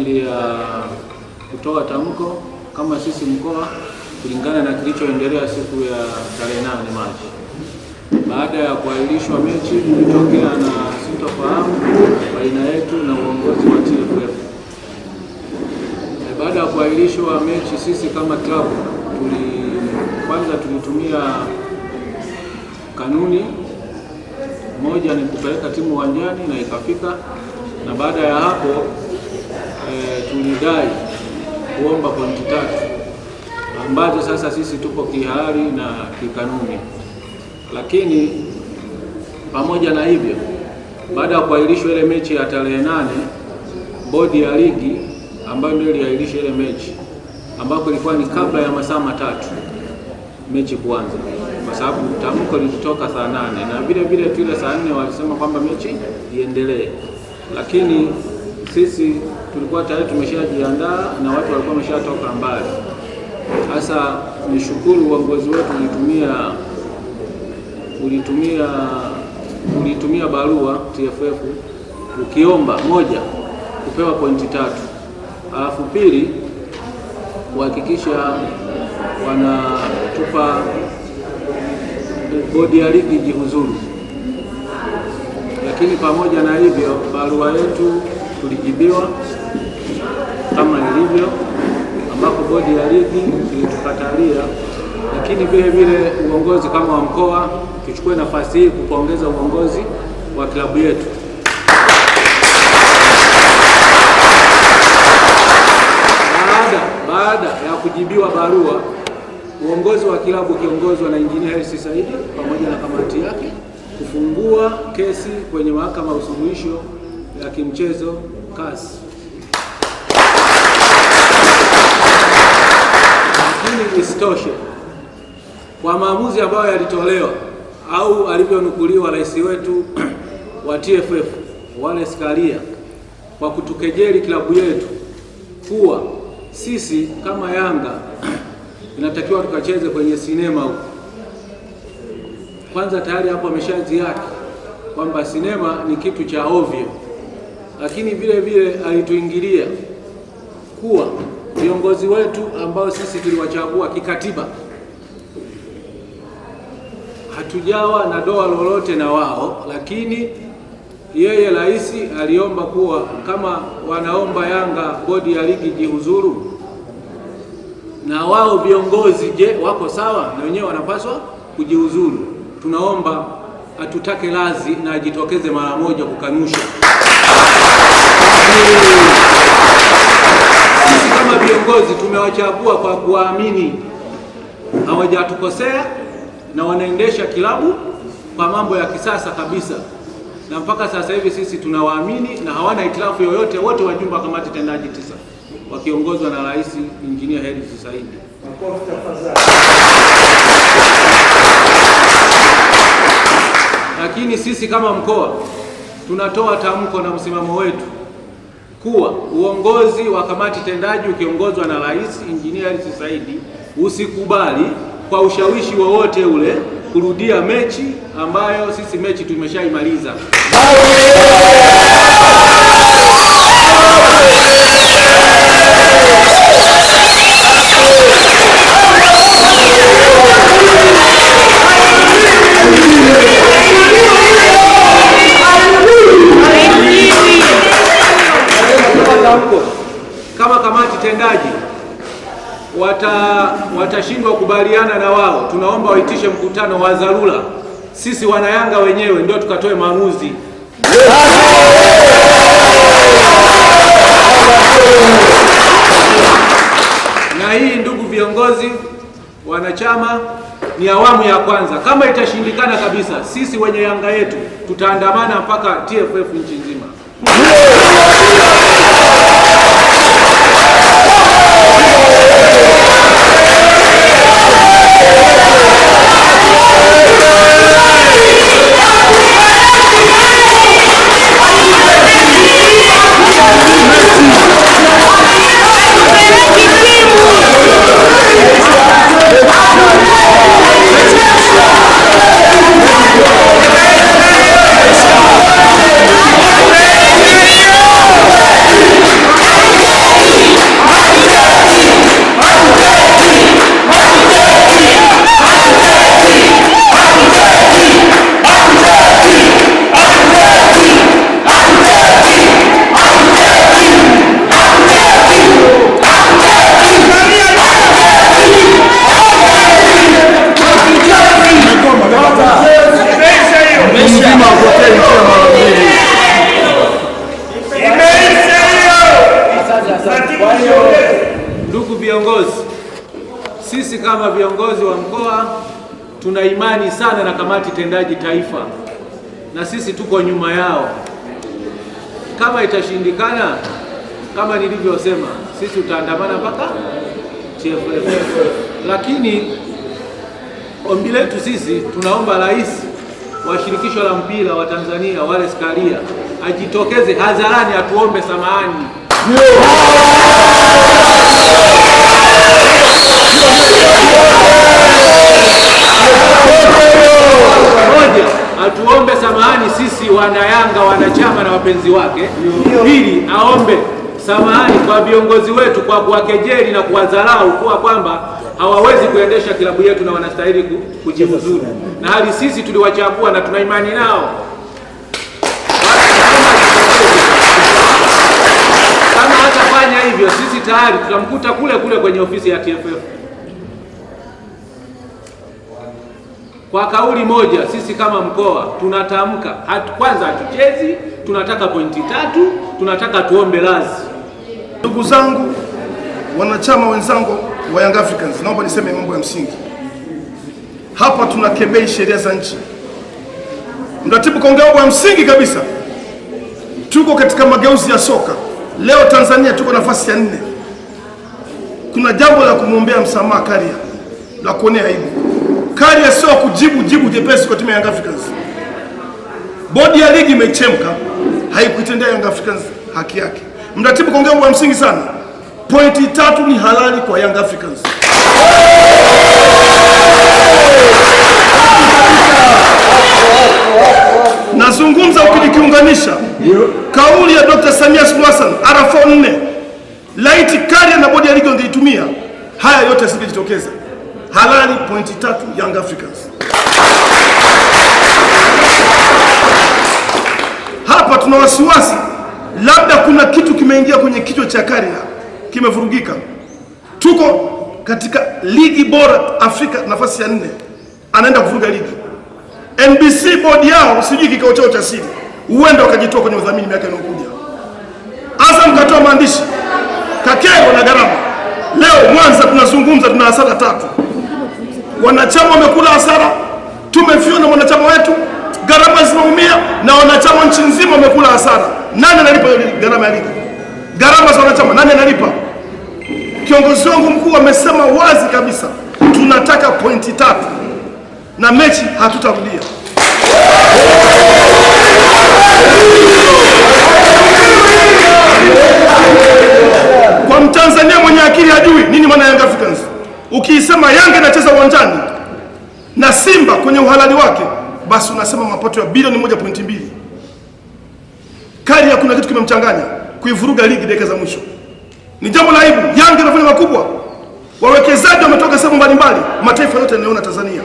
ajili ya kutoa tamko kama sisi mkoa kulingana na kilichoendelea siku ya tarehe nane Machi. Baada ya kuahirishwa mechi kulitokea na sintofahamu baina yetu na uongozi wa TFF. Baada ya kuahirishwa mechi, sisi kama klabu tuli kwanza tulitumia kanuni moja, ni kupeleka timu uwanjani na ikafika, na baada ya hapo kudai kuomba pointi tatu ambazo sasa sisi tupo kihari na kikanuni. Lakini pamoja na hivyo, baada ya kuahirishwa ile mechi ya tarehe nane, bodi ya ligi ambayo ndio iliahirisha ile mechi ambapo ilikuwa ni kabla ya masaa matatu mechi kuanza, kwa sababu tamko lilitoka saa nane na vile vile tu ile saa nne walisema kwamba mechi iendelee, lakini sisi tulikuwa tayari tumeshajiandaa na watu walikuwa wameshatoka mbali. Sasa nishukuru uongozi wetu ulitumia ulitumia ulitumia barua TFF ukiomba moja, kupewa pointi tatu, alafu pili, kuhakikisha wanatupa bodi ya ligi jihuzuru. Lakini pamoja na hivyo, barua yetu tulijibiwa kama ilivyo, ambapo bodi ya ligi ilitukatalia, lakini vile vile uongozi kama wa mkoa, tuchukue nafasi hii kupongeza uongozi wa klabu yetu baada, baada ya kujibiwa barua uongozi wa kilabu ukiongozwa na Injinia Hersi Saidi pamoja na kamati yake kufungua kesi kwenye mahakama ya usuluhisho ya kimchezo CAS. Lakini isitoshe kwa maamuzi ambayo yalitolewa au alivyonukuliwa rais wetu wa TFF Wallace Karia kwa kutukejeli klabu yetu kuwa sisi kama Yanga inatakiwa tukacheze kwenye sinema huko. Kwanza tayari hapo ameshaziaki kwamba sinema ni kitu cha ovyo, lakini vile vile alituingilia kuwa viongozi wetu ambao sisi tuliwachagua kikatiba, hatujawa na doa lolote na wao, lakini yeye rais aliomba kuwa kama wanaomba Yanga bodi ya ligi jihuzuru, na wao viongozi je, wako sawa na wenyewe wanapaswa kujiuzuru. Tunaomba atutake lazi na ajitokeze mara moja kukanusha viongozi tumewachagua kwa kuwaamini, hawajatukosea na wanaendesha kilabu kwa mambo ya kisasa kabisa, na mpaka sasa hivi sisi tunawaamini na hawana itilafu yoyote, wote wajumbe wa kamati tendaji tisa wakiongozwa na Rais Injinia Hersi Said. Lakini sisi kama mkoa tunatoa tamko na msimamo wetu kuwa uongozi wa kamati tendaji ukiongozwa na Rais Injinia Hersi Said usikubali kwa ushawishi wowote ule kurudia mechi ambayo sisi mechi tumeshaimaliza. wata watashindwa kubaliana na wao, tunaomba waitishe mkutano wa dharura, sisi wanayanga wenyewe ndio tukatoe maamuzi. Na hii, ndugu viongozi, wanachama, ni awamu ya kwanza. Kama itashindikana kabisa, sisi wenye yanga yetu tutaandamana mpaka TFF nchi nzima. viongozi, sisi kama viongozi wa mkoa tuna imani sana na kamati tendaji taifa, na sisi tuko nyuma yao. Kama itashindikana, kama nilivyosema, sisi tutaandamana mpaka TFF, lakini ombi letu sisi tunaomba rais wa shirikisho la mpira wa Tanzania Wallace Karia ajitokeze hadharani atuombe samahani atuombe samahani sisi wanayanga, wanachama na wapenzi wake. Pili, aombe samahani kwa viongozi wetu kwa kuwakejeli na kuwadharau kuwa kwamba hawawezi kuendesha kilabu yetu na wanastahili kujiuzulu, na hali sisi tuliwachagua na tuna imani nao. Kama hatafanya hivyo, sisi tayari tutamkuta kule kule kwenye ofisi ya TFF. Kwa kauli moja sisi kama mkoa tunatamka hatu, kwanza hatuchezi, tunataka pointi tatu, tunataka tuombe lazi. Ndugu zangu wanachama wenzangu wa Young Africans, naomba niseme mambo ya msingi hapa. Tunakemei sheria za nchi. Mratibu kaongea mambo ya msingi kabisa. Tuko katika mageuzi ya soka leo. Tanzania tuko nafasi ya nne. Kuna jambo la kumwombea msamaha Karia la kuonea aibu Karia sio kujibu jibu jepesi kwa timu ya Young Africans. Bodi ya ligi imechemka, haikuitendea Young Africans haki yake. Mratibu, kaongea kwa msingi sana, pointi tatu ni halali kwa Young Africans. Nazungumza ukinikiunganisha kauli ya Dr. Samia Suluhu Hassan RFO 4, laiti Karia na bodi ya ligi wangeitumia haya yote yasingejitokeza halali pointi tatu Young Africans. Hapa tuna wasiwasi, labda kuna kitu kimeingia kwenye kichwa cha Karia kimevurugika. Tuko katika ligi bora Afrika, nafasi ya nne, anaenda kuvuruga ligi. NBC bodi yao sijui kikao chao cha siri, huenda wakajitoa kwenye udhamini miaka inayokuja. Azam katoa maandishi Kakeo na gharama. Leo Mwanza tunazungumza, tuna hasara tatu wanachama wamekula hasara, tumefiwa na wanachama wetu, gharama zimeumia na wanachama nchi nzima wamekula hasara. Nani analipa gharama ya ligi? Gharama za wanachama nani analipa? Kiongozi wangu mkuu amesema wazi kabisa, tunataka pointi tatu na mechi hatutarudia. Kwa mtanzania mwenye akili hajui nini maana Young Africans Ukiisema Yanga inacheza uwanjani na Simba kwenye uhalali wake, basi unasema mapato ya bilioni moja pointi mbili. ya kuna kitu kimemchanganya kuivuruga ligi dakika za mwisho. Ni jambo la aibu. Yanga inafanya makubwa, wawekezaji wametoka sehemu mbalimbali, mataifa yote yanayoona Tanzania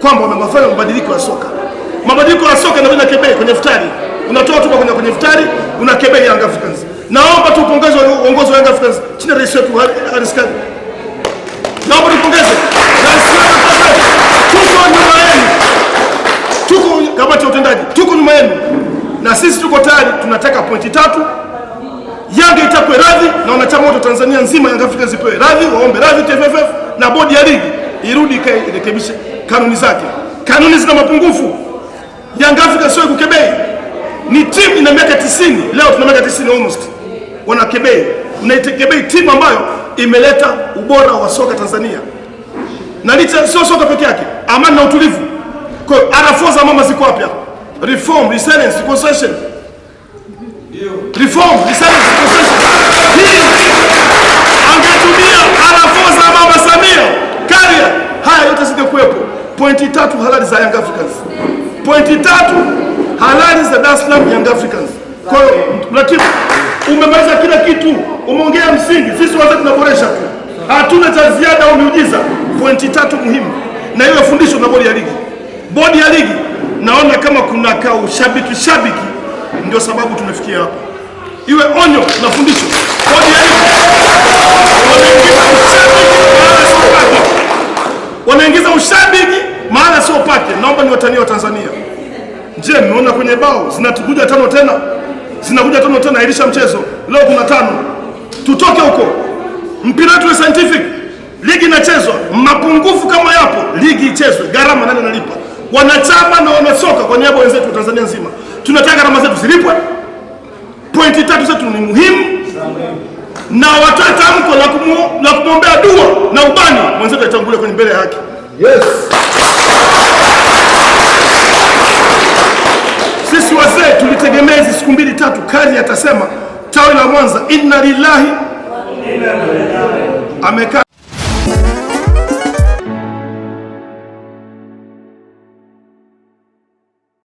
kwamba wamefanya mabadiliko ya soka. Mabadiliko ya soka yanakuja kebe kwenye futari, unatoa tu kwenye kwenye futari unakebe kebei Young Africans. Naomba tu upongeze uongozi wa Young Africans chini ya rais wetu Haris Kani Naomba nipongeze tuko nyuma yenu, tuko kamati ya utendaji, tuko nyuma yenu na sisi tuko tayari, tunataka pointi tatu. yange itakwe radhi na wanachama wote Tanzania nzima, Yanga Afrika zipewe radhi, waombe radhi TFF na bodi ya ligi irudi ikae irekebishe kanuni zake. Kanuni zina mapungufu. Yanga Afrika sio kukebei, ni timu ina miaka 90 leo tuna miaka 90 almost, wanakebei. Mnaikebei timu ambayo imeleta ubora wa soka Tanzania, na licha sio soka peke yake, amani na utulivu. Kwa hiyo arafu za mama ziko wapi hapa? Reform, resilience, concession. Reform, resilience, concession. Hii angetumia arafu za mama Samia, Karia, haya yote kuwepo Pointi tatu halali za Yanga umeongea msingi, sisi wazee tunaboresha tu, hatuna cha ziada au miujiza. Pointi tatu muhimu, na hiyo fundisho na bodi ya ligi. Bodi ya ligi naona kama kuna ka ushabiki shabiki, ndio sababu tumefikia hapa. Iwe onyo na fundisho, bodi ya ligi wanaingiza ushabiki maana sio pake. Naomba ni watania wa Tanzania. Je, mmeona kwenye bao zinakuja tano tena, zinakuja tano tena, ilisha mchezo leo kuna tano tutoke huko. Mpira wetu ni scientific, ligi inachezwa. Mapungufu kama yapo, ligi ichezwe. Gharama nani analipa? Wanachama na wanasoka kwa niaba wenzetu Tanzania nzima, tunataka gharama zetu zilipwe. Pointi tatu zetu ni muhimu, na watoe tamko la kumwombea dua na ubani mwenzetu aitangulia kwenye mbele ya haki. Yes. Sisi wazee tulitegemea hizi siku mbili tatu, kali atasema tawi la Mwanza, inna lillahi amekaa